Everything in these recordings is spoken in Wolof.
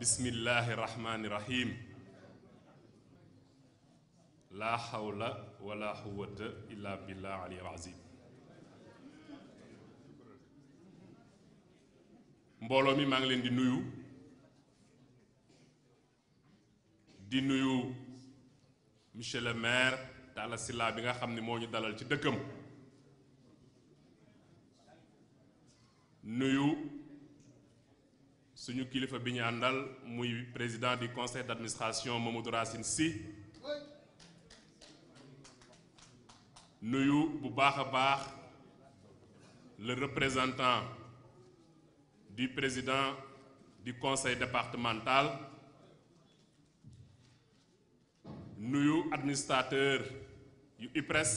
bismillahi rahmaani rahim laa xawla wala xuwata illa billah aliyal azim mbooloo mi maa ngi leen di nuyu di nuyu monsieur le maire Talla Sylla bi nga xam ni moo ñu dalal ci dëkkam nuyu suñu kilifa bi ñu àndal muy président du conseil d'administration Mamadou Racine si nuyu bu baax a baax le représentant du président du conseil départemental nuyu administrateur yu IPRES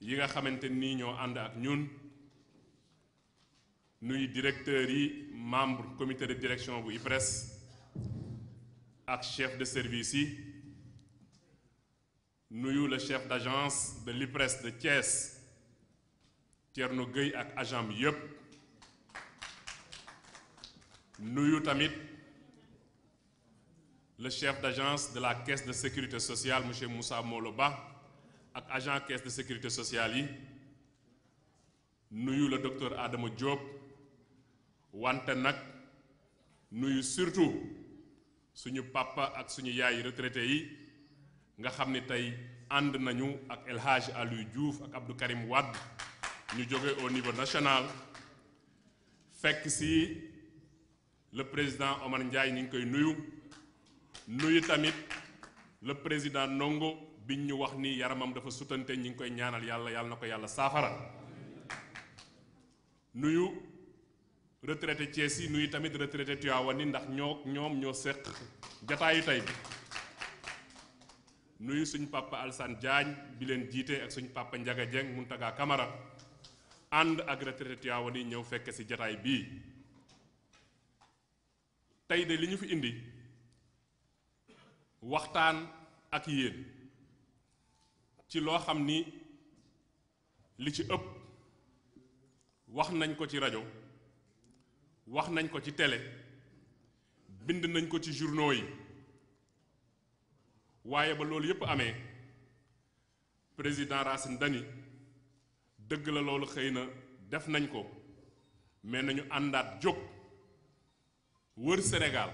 yi nga xamante ni ñoo ànd ak ñun nuyu directeur yi membre comité de direction bu IPRES ak chef de service yi nuyu le chef d'agence de l'IPRES de Thiès Thierno Gueye ak agent bi yépp nuyu tamit le chef d'agence de la caisse de sécurité sociale monsieur Moussa moolo Ba ak agent caisse de sécurité sociale yi nuyu le docteur Adama Diop wante nag nuyu surtout suñu papa ak suñu yaay retraité yi nga xam ni tey ànd nañu ak El Hadj Aliou Diouf ak Abdou Karim Wade ñu jóge au niveau national fekk si le président Omar Ndiaye ñu ngi koy nuyu nuyu tamit le président Ndongo biñ ñu wax ni yaramam dafa sutante ñu ngi koy ñaanal yàlla yàlla na ko yàlla saafara nuyu retraité Thiès yi nuyu tamit retraité Tivaouane yi ndax ñoo ñoom ñoo seq jataayu tey bi nuyu suñ papa Alsane Diagne bi leen jiite ak suñ papa Ndiaga Dieng Mountaga kamara ànd ak retraité Tivaouane ñëw fekke ci jataay bii tey de li ñu fi indi waxtaan ak yéen ci loo xam ni li ci ëpp wax nañ ko ci rajo wax nañ ko ci télé bind nañ ko ci journaux yi waaye ba loolu yépp amee président Racine Dany dëgg la loolu xëy na def nañ ko mais nañu àndaat jóg wër Sénégal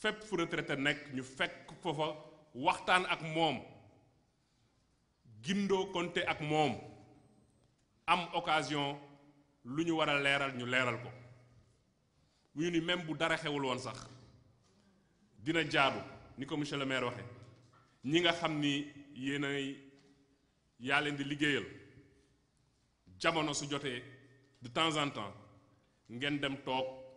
fépp fu retraité nekk ñu fekk foofa waxtaan ak moom gindoo ak moom am occasion lu ñu war a leeral ñu leeral ko mu ni même bu dara xewul woon sax dina jaadu ni ko monsieur le maire waxe ñi nga xam ni yéen ay yaa leen di liggéeyal jamono su jotee de temps en temps ngeen dem toog